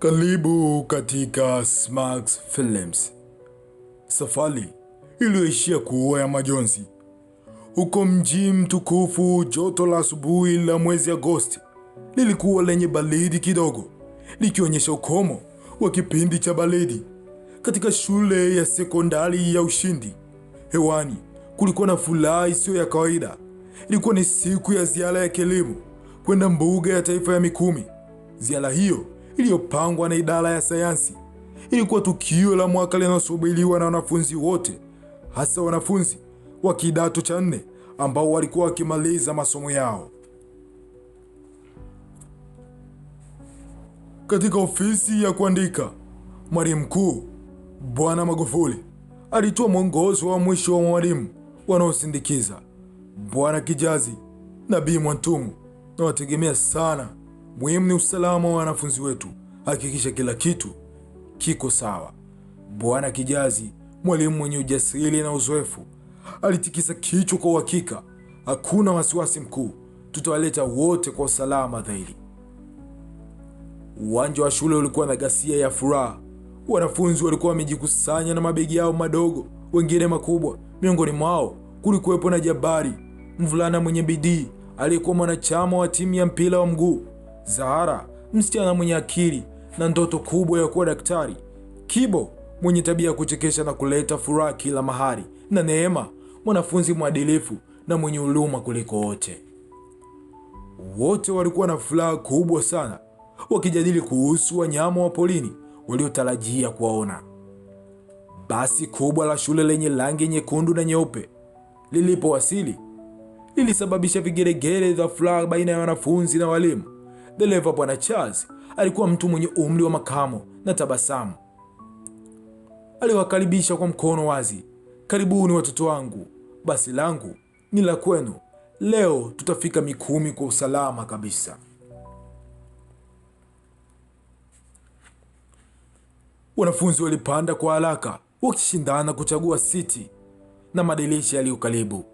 Karibu katika Smax Films, safari iliyoishia kuwa ya majonzi. Huko mji mtukufu, joto la asubuhi la mwezi Agosti lilikuwa lenye baridi kidogo, likionyesha ukomo wa kipindi cha baridi katika shule ya sekondari ya Ushindi. Hewani kulikuwa na furaha isiyo ya kawaida. Ilikuwa ni siku ya ziara ya kilimo kwenda mbuga ya taifa ya Mikumi. Ziara hiyo iliyopangwa na idara ya sayansi. Ilikuwa tukio la mwaka linalosubiriwa na wanafunzi wote, hasa wanafunzi wa kidato cha nne ambao walikuwa wakimaliza masomo yao. Katika ofisi ya kuandika, mwalimu mkuu Bwana Magufuli alitoa mwongozo wa mwisho wa mwalimu wanaosindikiza Bwana Kijazi na Bi Mwantumu, na wategemea sana Muhimu ni usalama wa wanafunzi wetu. Hakikisha kila kitu kiko sawa. Bwana Kijazi, mwalimu mwenye ujasiri na uzoefu, alitikisa kichwa kwa uhakika. Hakuna wasiwasi mkuu, tutawaleta wote kwa usalama dhahiri. Uwanja wa shule ulikuwa na ghasia ya furaha. Wanafunzi walikuwa wamejikusanya na mabegi yao madogo, wengine makubwa. Miongoni mwao kulikuwepo na Jabari, mvulana mwenye bidii aliyekuwa mwanachama wa timu ya mpira wa mguu Zahara, msichana mwenye akili na ndoto kubwa ya kuwa daktari. Kibo, mwenye tabia ya kuchekesha na kuleta furaha kila mahali, na Neema, mwanafunzi mwadilifu na mwenye huruma kuliko wote. Wote walikuwa na furaha kubwa sana wakijadili kuhusu wanyama wa polini waliotarajia kuwaona. Basi kubwa la shule lenye rangi nyekundu na nyeupe lilipowasili lilisababisha vigeregere vya furaha baina ya wanafunzi na walimu. Dereva Bwana Charles alikuwa mtu mwenye umri wa makamo na tabasamu. Aliwakaribisha kwa mkono wazi. Karibuni watoto wangu, basi langu ni la kwenu. Leo tutafika Mikumi kwa usalama kabisa. Wanafunzi walipanda kwa haraka wakishindana kuchagua siti na madirisha yaliyo karibu.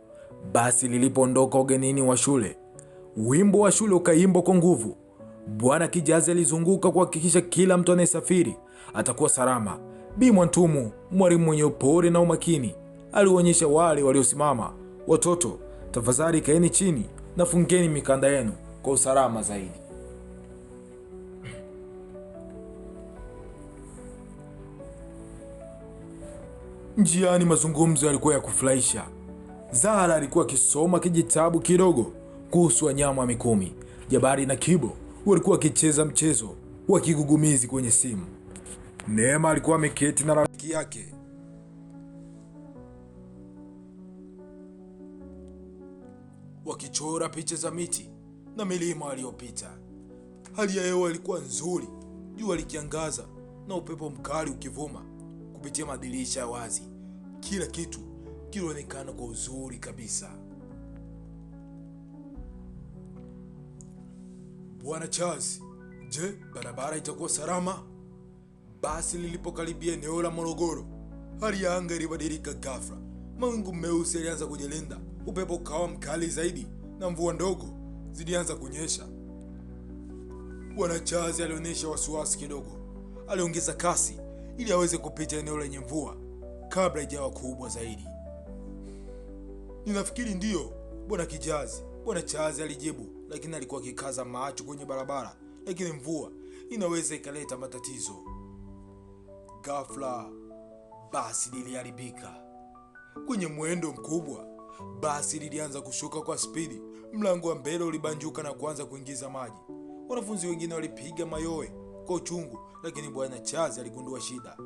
Basi lilipoondoka ugenini wa shule, wimbo wa shule ukaimbwa kwa nguvu. Bwana Kijazi alizunguka kuhakikisha kila mtu anayesafiri atakuwa salama. Bi Mwantumu, mwalimu mwenye upole na umakini, alionyesha wale waliosimama, watoto, tafadhali kaeni chini na fungeni mikanda yenu kwa usalama zaidi. Njiani mazungumzo yalikuwa ya kufurahisha. Zara alikuwa akisoma kijitabu kidogo kuhusu wanyama wa mikumi, jabari na kibo walikuwa wakicheza mchezo wa kigugumizi kwenye simu. Neema alikuwa ameketi na rafiki yake wakichora picha za miti na milima aliyopita. Hali ya hewa ilikuwa nzuri, jua likiangaza na upepo mkali ukivuma kupitia madirisha ya wazi. Kila kitu kilionekana kwa uzuri kabisa. Bwana Charles, je, barabara itakuwa salama? Basi lilipokaribia eneo la Morogoro, hali ya anga ilibadilika ghafla. Mawingu meusi yalianza kujilinda, upepo ukawa mkali zaidi na mvua ndogo zilianza kunyesha. Bwana Charles alionyesha wasiwasi kidogo, aliongeza kasi ili aweze kupita eneo lenye mvua kabla ijawa kubwa zaidi. Ninafikiri ndiyo, Bwana Kijazi, Bwana Charles alijibu lakini alikuwa akikaza macho kwenye barabara, lakini mvua inaweza ikaleta matatizo. Ghafla basi liliharibika kwenye mwendo mkubwa. Basi lilianza kushuka kwa spidi, mlango wa mbele ulibanjuka na kuanza kuingiza maji. Wanafunzi wengine walipiga mayowe kwa uchungu, lakini bwana Charles aligundua shida.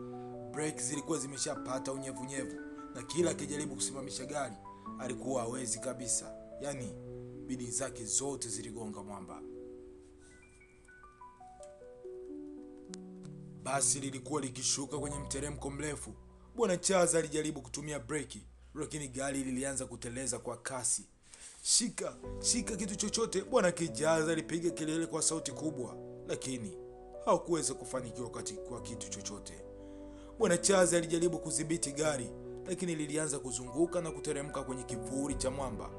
Breki zilikuwa zimeshapata unyevunyevu na kila akijaribu kusimamisha gari alikuwa hawezi kabisa, yaani bidii zake zote ziligonga mwamba. Basi lilikuwa likishuka kwenye mteremko mrefu. Bwana Chaza alijaribu kutumia breki, lakini gari lilianza kuteleza kwa kasi. Shika shika kitu chochote! Bwana Kijaza alipiga kelele kwa sauti kubwa, lakini hakuweza kufanikiwa kwa kitu chochote. Bwana Chaza alijaribu kudhibiti gari, lakini lilianza kuzunguka na kuteremka kwenye kivuli cha mwamba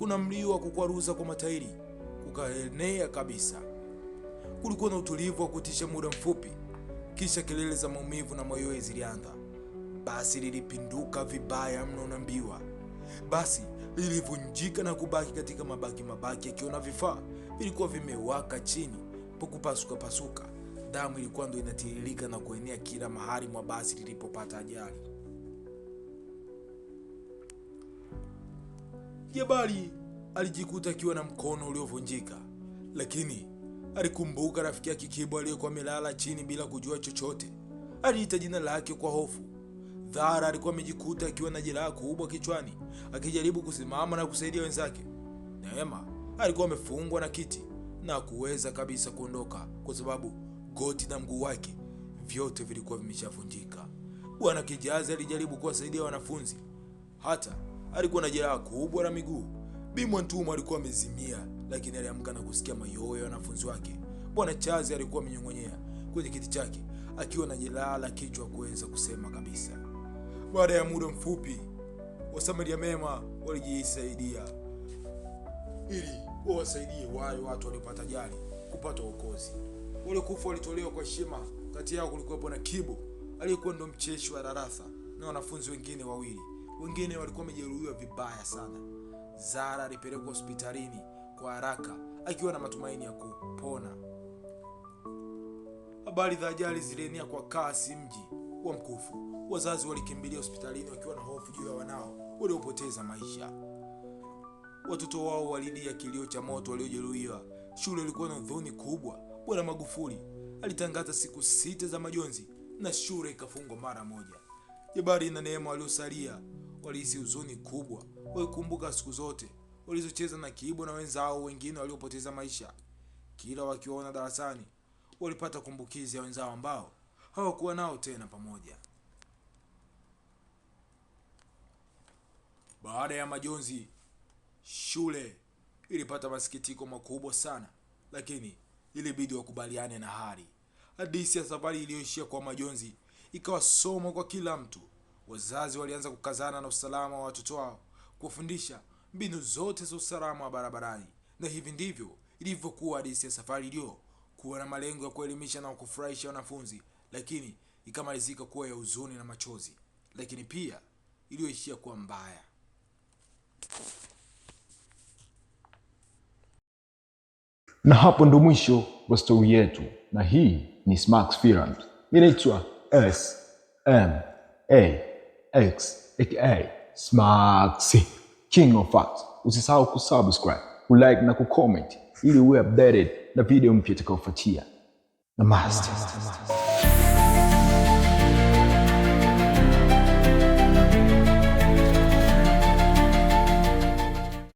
kuna mlio wa kukwaruza kwa matairi kukaenea kabisa. Kulikuwa na utulivu wa kutisha muda mfupi, kisha kelele za maumivu na mayowe zilianza. Basi lilipinduka vibaya mno na Mbiwa. Basi lilivunjika na kubaki katika mabaki mabaki, akiona vifaa vilikuwa vimewaka chini pakupasuka pasuka. Damu ilikuwa ndo inatiririka na kuenea kila mahali mwa basi lilipopata ajali. Jabali alijikuta akiwa na mkono uliovunjika, lakini alikumbuka rafiki yake Kibo aliyekuwa amelala chini bila kujua chochote. Aliita jina lake kwa hofu. Dhara alikuwa amejikuta akiwa na jeraha kubwa kichwani, akijaribu kusimama na kusaidia wenzake. Neema alikuwa amefungwa na kiti na kuweza kabisa kuondoka kwa sababu goti na mguu wake vyote vilikuwa vimeshavunjika. Bwana Kijazi alijaribu kuwasaidia wanafunzi hata alikuwa na jeraha kubwa la miguu. Bi Mwantuma alikuwa amezimia, lakini aliamka na kusikia mayoyo ya wanafunzi wake. Bwana Chazi alikuwa amenyong'onyea kwenye kiti chake akiwa na jeraha la kichwa kuweza kusema kabisa. Baada ya muda mfupi, wasamaria mema walijisaidia ili wawasaidie wale watu waliopata ajali kupata uokozi. Waliokufa walitolewa kwa heshima. Kati yao kulikuwepo na Kibo aliyekuwa ndo mcheshi wa darasa na wanafunzi wengine wawili wengine walikuwa wamejeruhiwa vibaya sana. Zara alipelekwa hospitalini kwa haraka akiwa na matumaini ya kupona. Habari za ajali zilienea kwa kasi mji wa Mkufu. Wazazi walikimbilia hospitalini wakiwa na hofu juu ya wanao waliopoteza maisha. Watoto wao walilia kilio cha moto waliojeruhiwa. Shule ilikuwa na huzuni kubwa. Bwana Magufuli alitangaza siku sita za majonzi na shule ikafungwa mara moja. Jabari na Neema waliosalia walihisi huzuni kubwa, walikumbuka siku zote walizocheza na kibo na wenzao wengine waliopoteza maisha. Kila wakiwaona darasani, walipata kumbukizi ya wenzao ambao hawakuwa nao tena pamoja. Baada ya majonzi, shule ilipata masikitiko makubwa sana, lakini ilibidi wakubaliane na hali. Hadithi ya safari iliyoishia kwa majonzi ikawa somo kwa kila mtu. Wazazi walianza kukazana na usalama wa watoto wao, kuwafundisha mbinu zote za usalama wa barabarani, na hivi ndivyo ilivyokuwa hadisi ya safari iliyo kuwa na malengo ya kuelimisha na kufurahisha wanafunzi, lakini ikamalizika kuwa ya huzuni na machozi, lakini pia iliyoishia kuwa mbaya. Na hapo ndo mwisho wa stori yetu, na hii ni Smax Films. inaitwa S M A. X aka Smax King of Facts. Usisahau kusubscribe, kulike na kucomment ili uwe updated na video mpya itakayofuatia. Namaste.